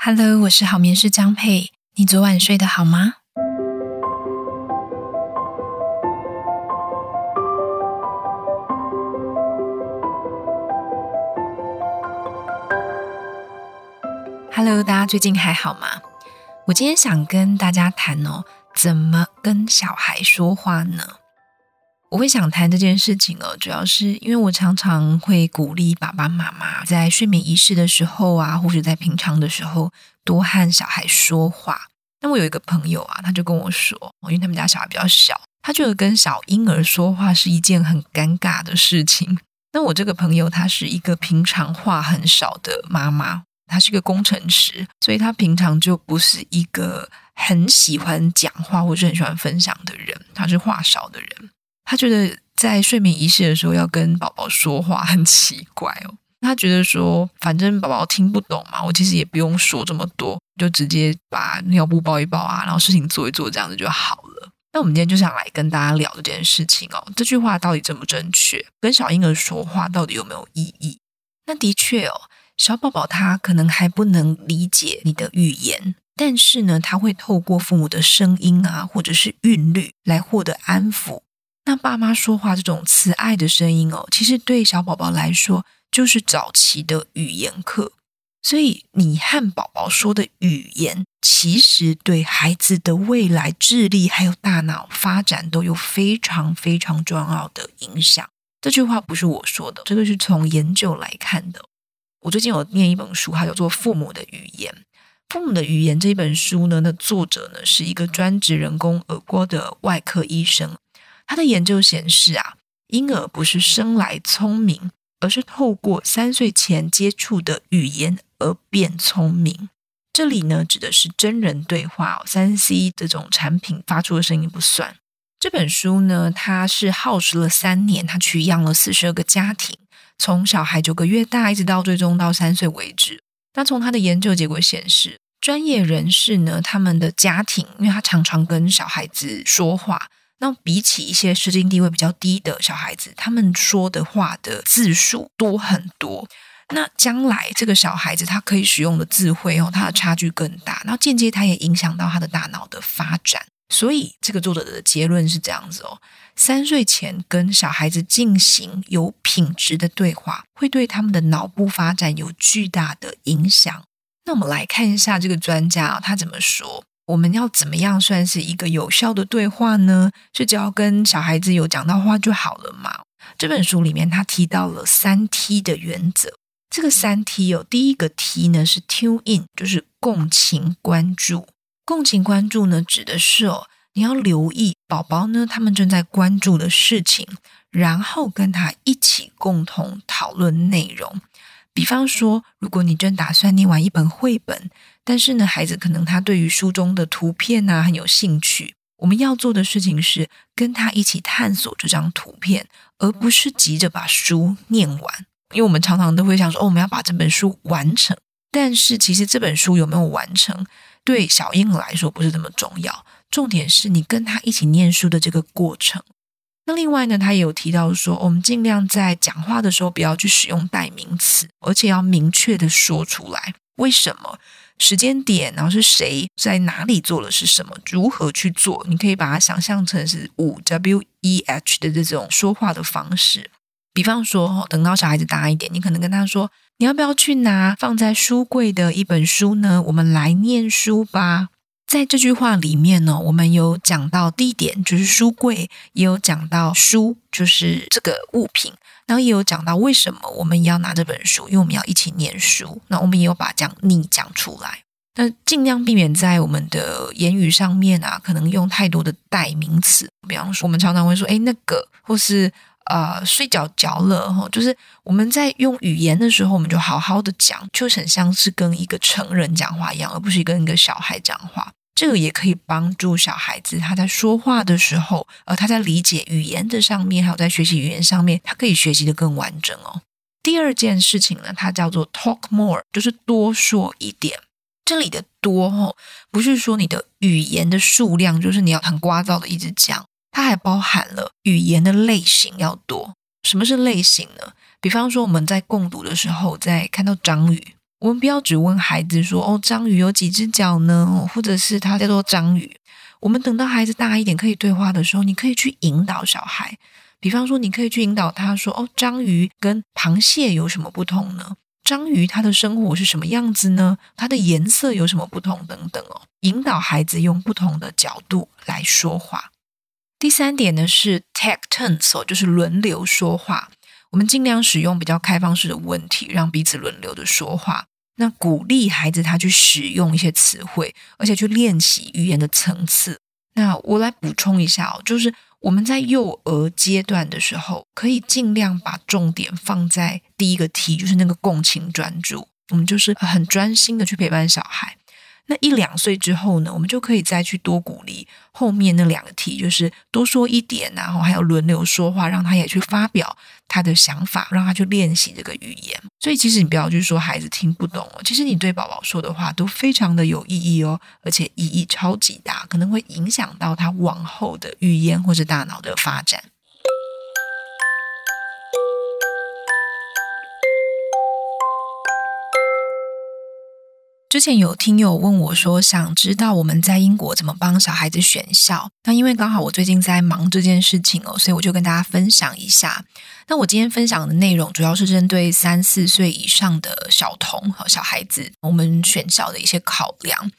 Hello，我是好眠師張佩，你昨晚睡得好嗎？Hello，大家最近還好嗎？我今天想跟大家談哦，怎麼跟小孩說話呢？我會想談這件事情哦，主要是因為我常常會鼓勵爸爸媽媽在睡眠儀式的時候啊，或者在平常的時候多和小孩說話。那我有一個朋友啊，他就跟我說，因為他們家小孩比較小，他覺得跟小嬰兒說話是一件很尷尬的事情。那我這個朋友，他是一個平常話很少的媽媽，她是一個工程師，所以他平常就不是一個很喜歡講話或是很喜歡分享的人，他是話少的人。他覺得在睡眠儀式的時候要跟寶寶說話很奇怪哦。他覺得說，反正寶寶聽不懂嘛，我其實也不用說這麼多，就直接把尿布包一包啊，然後事情做一做，這樣子就好了。那我們今天就想來跟大家聊這件事情哦。這句話到底正不正確？跟小嬰兒說話到底有沒有意義？那的確哦，小寶寶他可能還不能理解你的語言，但是呢，他會透過父母的聲音啊，或者是韻律來獲得安撫。像爸媽說話這種慈愛的聲音哦，其實對小寶寶來說就是早期的語言課。所以你和寶寶說的語言，其實對孩子的未來智力還有大腦發展都有非常非常重要的影響。這句話不是我說的，這個是從研究來看的。我最近有念一本書，它叫做《父母的語言》。《父母的語言》這本書呢，那作者呢是一個專職人工耳蝸的外科醫生。他的研究顯示啊，嬰兒不是生來聰明，而是透過三歲前接觸的語言而變聰明。這裡呢，指的是真人對話，3C 這種產品發出的聲音不算。這本書呢，他是耗時了三年，他取樣了四十二個家庭，從小孩九個月大一直到最終到三歲為止。那從他的研究結果顯示，專業人士呢，他們的家庭，因為他常常跟小孩子說話。那比起一些社經地位比較低的小孩子，他們說的話的字數多很多。那將來這個小孩子，他可以使用的詞彙哦，他的差距更大。然後間接他也影響到他的大腦的發展。所以這個作者的結論是這樣子哦：三歲前跟小孩子進行有品質的對話，會對他們的腦部發展有巨大的影響。那我們來看一下這個專家，哦，他怎麼說。我們要怎麼樣算是一個有效的對話呢？是只要跟小孩子有講到話就好了嘛？這本書裡面他提到了三 T 的原則，這個三 T 有第一個 T 呢是 Tune In，就是共情關注。共情關注呢指的是哦，你要留意寶寶呢他們正在關注的事情，然後跟他一起共同討論內容。比方說，如果你正打算念完一本繪本，但是呢，孩子可能他對於書中的圖片啊很有興趣。我們要做的事情是跟他一起探索這張圖片，而不是急着把書念完。因為我們常常都會想說，哦，我們要把這本書完成。但是其實這本書有沒有完成，對小嬰兒來說不是那麼重要。重點是你跟他一起念書的這個過程。那另外呢，他也有提到說，我們盡量在講話的時候不要去使用代名詞，而且要明確的說出來。為什麼？時間點，然後是誰，在哪裡做了是什麼？如何去做？你可以把它想象成是五 W E H 的這種說話的方式。比方說，等到小孩子大一點，你可能跟他說：“你要不要去拿放在書櫃的一本書呢？我們來念書吧。”在這句話裡面呢，我們有講到地點，就是書櫃，也有講到書，就是這個物品，然後也有講到為什麼我們要拿這本書，因為我們要一起念書。那我們也有把講逆講出來，那盡量避免在我們的言語上面啊，可能用太多的代名詞，比方說我們常常會說“哎、欸，那個”或是“呃，睡覺覺了”哈，就是我們在用語言的時候，我們就好好的講，就很像是跟一個成人講話一樣，而不是跟一個小孩講話。這個也可以幫助小孩子，他在說話的時候，呃，他在理解語言的上面，還有在學習語言上面，他可以學習得更完整哦。第二件事情呢，它叫做 talk more，就是多說一點。這裡的多哦，不是說你的語言的數量，就是你要很聒噪的一直講，它還包含了語言的類型要多。什麼是類型呢？比方說我們在共讀的時候，在看到章魚。我們不要只問孩子說哦，章魚有幾隻腳呢？或者是他叫做章魚。我們等到孩子大一點可以對話的時候，你可以去引導小孩。比方說，你可以去引導他說哦，章魚跟螃蟹有什麼不同呢？章魚它的生活是什麼樣子呢？它的顏色有什麼不同等等哦，引導孩子用不同的角度來說話。第三點呢是 take turns，就是輪流說話。我們盡量使用比較開放式的問題，讓彼此輪流的說話。那鼓勵孩子他去使用一些詞彙，而且去練習語言的層次。那我來補充一下哦，就是我們在幼兒階段的時候，可以盡量把重點放在第一個 T，就是那個共情專注。我們就是很專心的去陪伴小孩。那一兩歲之後呢，我們就可以再去多鼓勵後面那兩個題，就是多說一點啊，然後還要輪流說話，讓他也去發表他的想法，讓他去練習這個語言。所以其實你不要去說孩子聽不懂哦，其實你對寶寶說的話都非常的有意義哦，而且意義超級大，可能會影響到他往後的語言或者大腦的發展。之前有聽友問我說，想知道我們在英國怎麼幫小孩子選校。那因為剛好我最近在忙這件事情哦，所以我就跟大家分享一下。那我今天分享的內容主要是針對三四歲以上的小童和小孩子，我們選校的一些考量。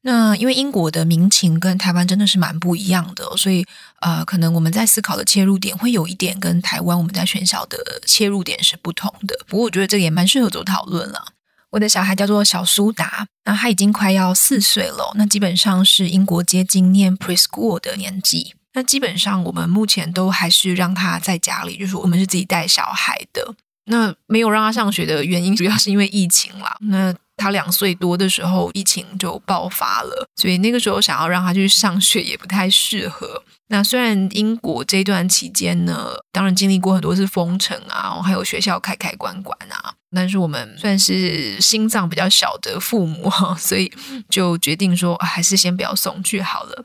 那因為英國的民情跟台灣真的是蠻不一樣的，所以呃，可能我們在思考的切入點會有一點跟台灣我們在選校的切入點是不同的。不過我覺得這個也蠻適合做討論了。我的小孩叫做小蘇達，那他已經快要四歲了，那基本上是英國接近念 preschool 的年紀。那基本上我們目前都還是讓他在家裡，就是我們是自己帶小孩的。那沒有讓他上學的原因，主要是因為疫情啦。那他兩歲多的時候，疫情就爆發了，所以那個時候想要讓他去上學也不太適合。那雖然英國這段期間呢，當然經歷過很多次封城啊，還有學校開開關關啊，但是我們算是心臟比較小的父母，所以就決定說，啊，還是先不要送去好了。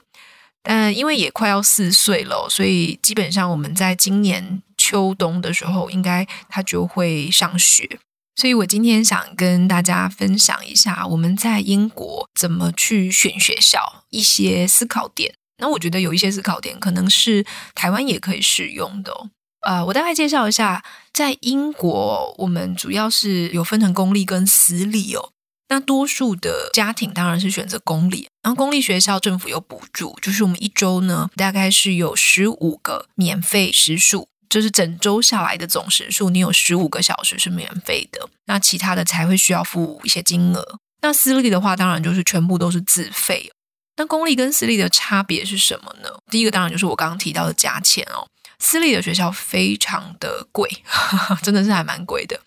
但因為也快要四歲了，所以基本上我們在今年秋冬的時候，應該他就會上學。所以，我今天想跟大家分享一下我們在英國怎麼去選學校一些思考點，那我覺得有一些思考點可能是台灣也可以使用的哦。呃，我大概介紹一下，在英國我們主要是有分成公立跟私立哦。那多數的家庭當然是選擇公立，然後公立學校政府有補助，就是我們一周呢大概是有十五個免費時數。就是整周下來的總時數，你有十五個小時是免費的，那其他的才會需要付一些金額。那私立的話，當然就是全部都是自費。那公立跟私立的差別是什麼呢？第一個當然就是我剛剛提到的價錢哦，私立的學校非常的貴，呵呵真的是還蠻貴的。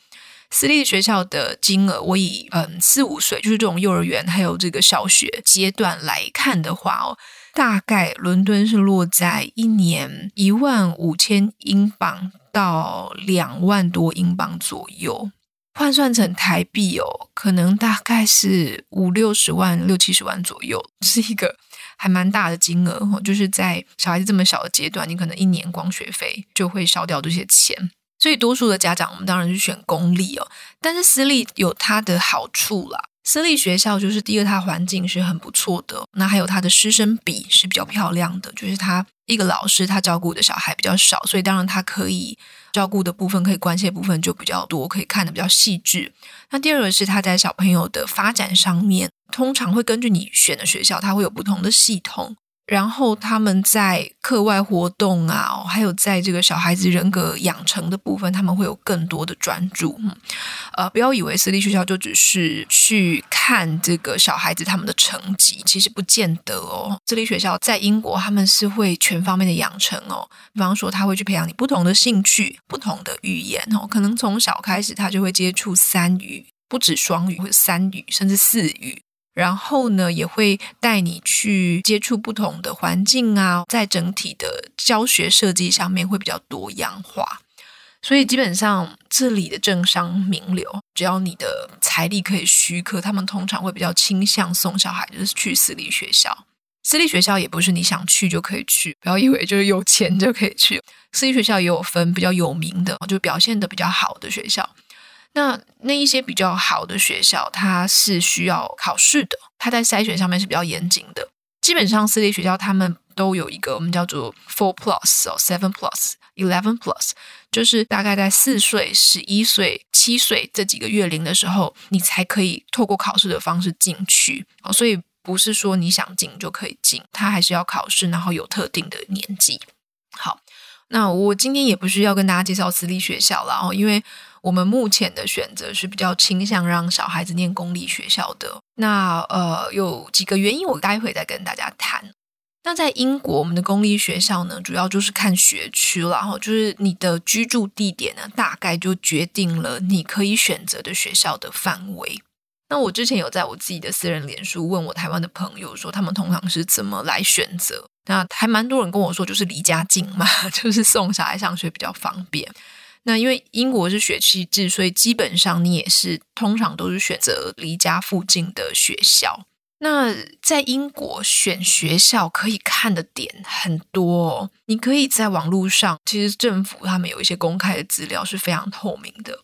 私立的學校的金額，我以嗯四五歲，就是這種幼兒園還有這個小學階段來看的話哦，大概倫敦是落在一年一萬五千英鎊到兩萬多英鎊左右，換算成台幣哦，可能大概是五六十萬六七十萬左右，是一個還蠻大的金額哦。就是在小孩子這麼小的階段，你可能一年光學費就會燒掉這些錢，所以多數的家長我們當然是選公立哦，但是私立有它的好處啦。私立學校就是第一個，它環境是很不錯的。那還有它的師生比是比較漂亮的，就是他一個老師他照顧的小孩比較少，所以當然他可以照顧的部分、可以關切的部分就比較多，可以看得比較細緻。那第二個是他在小朋友的發展上面，通常會根據你選的學校，它會有不同的系統。然後他們在課外活動啊，還有在這個小孩子人格養成的部分，他們會有更多的專注。嗯。呃，不要以為私立學校就只是去看這個小孩子他們的成績，其實不見得哦。私立學校在英國他們是會全方面的養成哦，比方說他會去培養你不同的興趣、不同的語言哦，可能從小開始他就會接觸三語，不止雙語或者三語，甚至四語。然後呢，也會帶你去接觸不同的環境啊，在整體的教學設計上面會比較多樣化。所以基本上，這裡的政商名流，只要你的財力可以許可，他們通常會比較傾向送小孩，就是去私立學校。私立學校也不是你想去就可以去，不要以為就是有錢就可以去。私立學校也有分比較有名的，就表現得比較好的學校，那那一些比較好的學校，它是需要考試的，它在篩選上面是比較嚴謹的。基本上私立學校他們都有一個我們叫做 four plus、哦 seven plus、eleven plus，就是大概在四歲、十一歲、七歲這幾個月齡的時候，你才可以透過考試的方式進去哦。所以不是說你想進就可以進，它還是要考試，然後有特定的年紀。好，那我今天也不需要跟大家介紹私立學校了哦，因為。我們目前的選擇是比較傾向讓小孩子念公立學校的，那呃有幾個原因，我待會再跟大家談。那在英國，我們的公立學校呢，主要就是看學區了哈，就是你的居住地點呢，大概就決定了你可以選擇的學校的範圍。那我之前有在我自己的私人臉書問我台灣的朋友說，他們通常是怎麼來選擇？那還蠻多人跟我說，就是離家近嘛，就是送小孩上學比較方便。那因為英國是學區制，所以基本上你也是通常都是選擇離家附近的學校。那在英國選學校可以看的點很多，哦，你可以在網絡上，其實政府他們有一些公開的資料是非常透明的，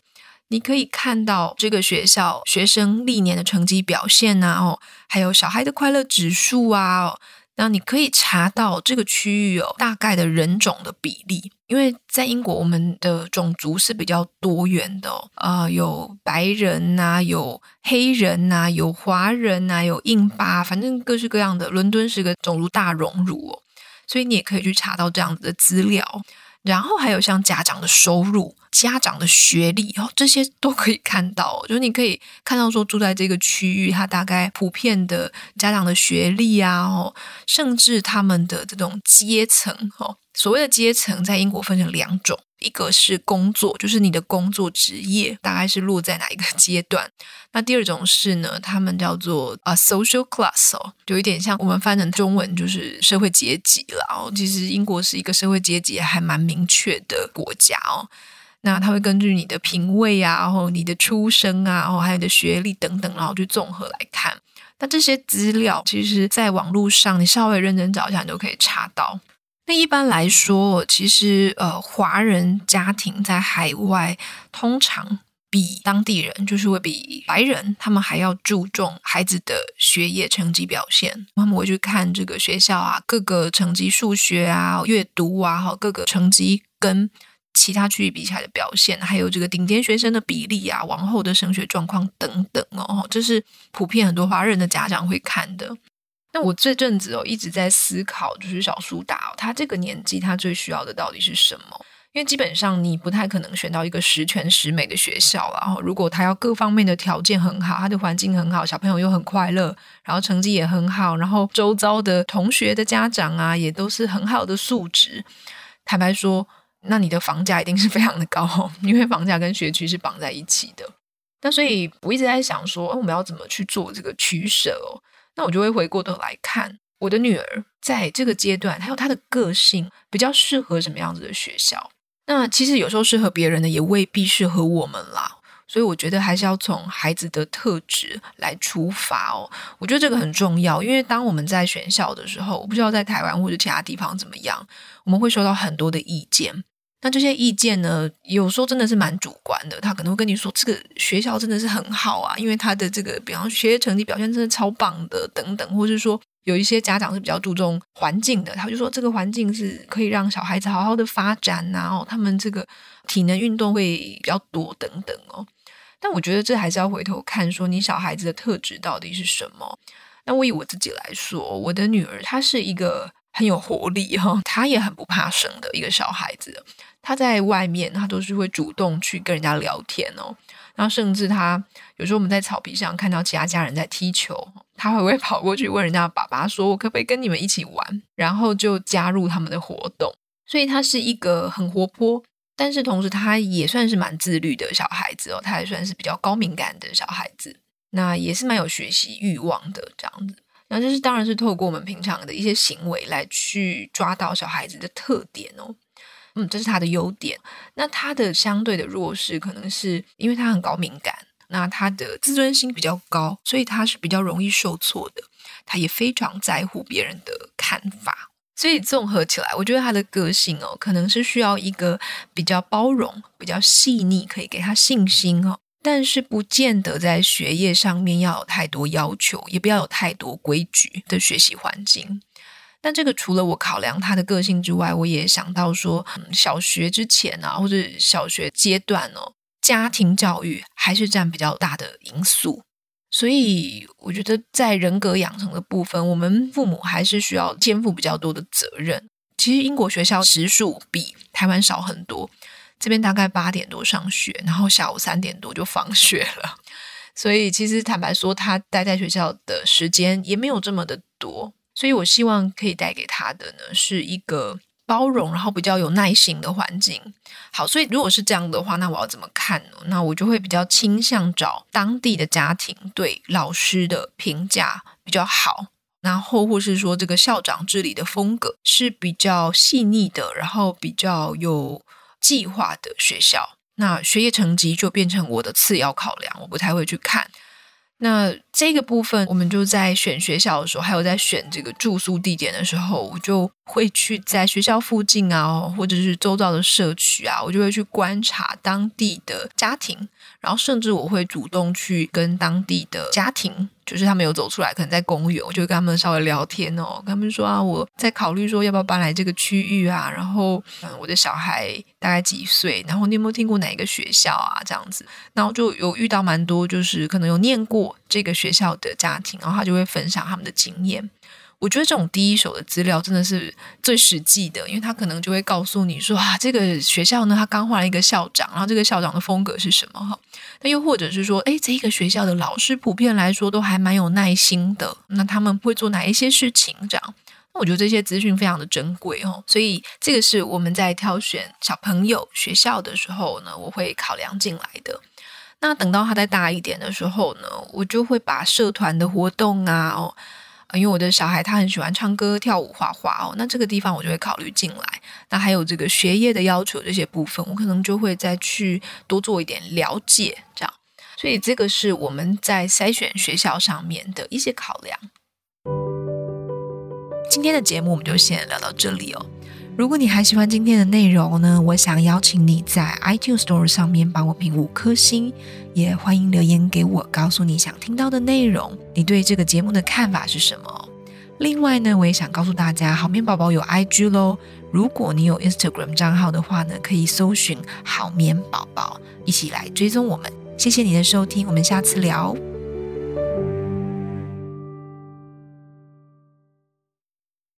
你可以看到這個學校學生歷年的成績表現吶，哦，還有小孩的快樂指數啊。那你可以查到這個區域有、哦、大概的人種的比例，因為在英國，我們的種族是比較多元的哦，呃、有白人吶、啊，有黑人吶、啊，有華人吶、啊，有印巴，反正各式各樣的。倫敦是個種族大熔爐、哦，所以你也可以去查到這樣子的資料。然後還有像家長的收入、家長的學歷哦，這些都可以看到，就是你可以看到說住在這個區域，它大概普遍的家長的學歷啊，哦，甚至他們的這種階層哦，所謂的階層在英國分成兩種。一個是工作，就是你的工作職業大概是落在哪一個階段。那第二種是呢，他們叫做啊 social class 哦，就有點像我們翻成中文就是社會階級了哦。其實英國是一個社會階級還蠻明確的國家哦。那他會根據你的品味啊，然後你的出身啊，然後還有你的學歷等等啊，然後去綜合來看。那這些資料，其實在網絡上你稍微認真找一下，你就可以查到。那一般來說，其實呃，華人家庭在海外通常比當地人，就是會比白人，他們還要注重孩子的學業成績表現。他們會去看這個學校啊，各個成績，數學啊、閱讀啊，好各個成績跟其他區域比起來的表現，還有這個頂尖學生的比例啊，往後的升學狀況等等哦，這是普遍很多華人的家長會看的。那我這陣子哦，一直在思考，就是小蘇打哦，他這個年紀，他最需要的到底是什麼？因為基本上你不太可能選到一個十全十美的學校，然後，如果他要各方面的條件很好，他的環境很好，小朋友又很快樂，然後成績也很好，然後周遭的同學的家長啊，也都是很好的素質。坦白說，那你的房價一定是非常的高哦，因為房價跟學區是綁在一起的。那所以我一直在想說，哦，我們要怎麼去做這個取捨哦？那我就會回過頭來看我的女兒，在這個階段還有她的個性比較適合什麼樣子的學校？那其實有時候適合別人的也未必適合我們啦，所以我覺得還是要從孩子的特質來出發哦。我覺得這個很重要，因為當我們在選校的時候，我不知道在台灣或者其他地方怎麼樣，我們會收到很多的意見。那這些意見呢？有時候真的是蠻主觀的。他可能會跟你說，這個學校真的是很好啊，因為他的這個，比方說學習成績表現真的超棒的，等等。或者是說，有一些家長是比較注重環境的，他就說這個環境是可以讓小孩子好好的發展啊。哦，他們這個體能運動會比較多，等等哦。但我覺得這還是要回頭看，說你小孩子的特質到底是什麼？那我以我自己來說，我的女兒她是一個很有活力哈，哦，她也很不怕生的一個小孩子。他在外面，他都是會主動去跟人家聊天哦。然後甚至他有時候我們在草皮上看到其他家人在踢球，他會不會跑過去問人家的爸爸說：“我可不可以跟你們一起玩？”然後就加入他們的活動。所以他是一個很活潑，但是同時他也算是蠻自律的小孩子哦。他也算是比較高敏感的小孩子，那也是蠻有學習慾望的這樣子。那就是當然是透過我們平常的一些行為來去抓到小孩子的特點哦。嗯，這是他的優點。那他的相對的弱勢可能是因為他很高敏感，那他的自尊心比較高，所以他是比較容易受挫的。他也非常在乎別人的看法，所以綜合起來，我覺得他的個性哦，可能是需要一個比較包容、比較細膩，可以給他信心哦。但是不見得在學業上面要有太多要求，也不要有太多規矩的學習環境。但這個除了我考量他的個性之外，我也想到說，小學之前啊，或者小學階段哦，家庭教育還是占比較大的因素。所以我覺得在人格養成的部分，我們父母還是需要肩負比較多的責任。其實英國學校時數比台灣少很多，這邊大概八點多上學，然後下午三點多就放學了。所以其實坦白說，他待在學校的時間也沒有這麼的多。所以，我希望可以帶給他的呢，是一個包容、然後比較有耐心的環境。好，所以如果是這樣的話，那我要怎麼看呢？那我就會比較傾向找當地的家庭對老師的評價比較好，然後或是說這個校長治理的風格是比較細膩的，然後比較有計劃的學校。那學業成績就變成我的次要考量，我不太會去看。那這個部分，我們就在選學校的時候，還有在選這個住宿地點的時候，我就會去在學校附近啊，或者是周遭的社區啊，我就會去觀察當地的家庭，然後甚至我會主動去跟當地的家庭，就是他們有走出來，可能在公園，我就會跟他們稍微聊天哦。跟他們說啊，我在考慮說要不要搬來這個區域啊，然後嗯，我的小孩大概幾歲，然後你有沒有聽過哪一個學校啊？這樣子，然後就有遇到蠻多，就是可能有念過這個。學校的家庭，然後他就會分享他們的經驗。我覺得這種第一手的資料真的是最實際的，因為他可能就會告訴你說啊，這個學校呢，他剛換了一個校長，然後這個校長的風格是什麼哈？那又或者是說，誒，這個學校的老師普遍來說都還蠻有耐心的，那他們會做哪一些事情？這樣，那我覺得這些資訊非常的珍貴哦，所以這個是我們在挑選小朋友學校的時候呢，我會考量進來的。那等到他再大一點的時候呢，我就會把社團的活動啊，哦，因為我的小孩他很喜歡唱歌、跳舞、畫畫哦，那這個地方我就會考慮進來。那還有這個學業的要求這些部分，我可能就會再去多做一點了解，這樣。所以這個是我們在篩選學校上面的一些考量。今天的節目我們就先聊到這裡哦。如果你還喜歡今天的內容呢，我想邀請你在 iTunes Store 上面幫我評五顆星，也歡迎留言給我，告訴你想聽到的內容，你對這個節目的看法是什麼？另外呢，我也想告訴大家，好眠寶寶有 IG 咯，如果你有 Instagram 賬號的話呢，可以搜尋好眠寶寶，一起來追蹤我們。謝謝你的收聽，我們下次聊。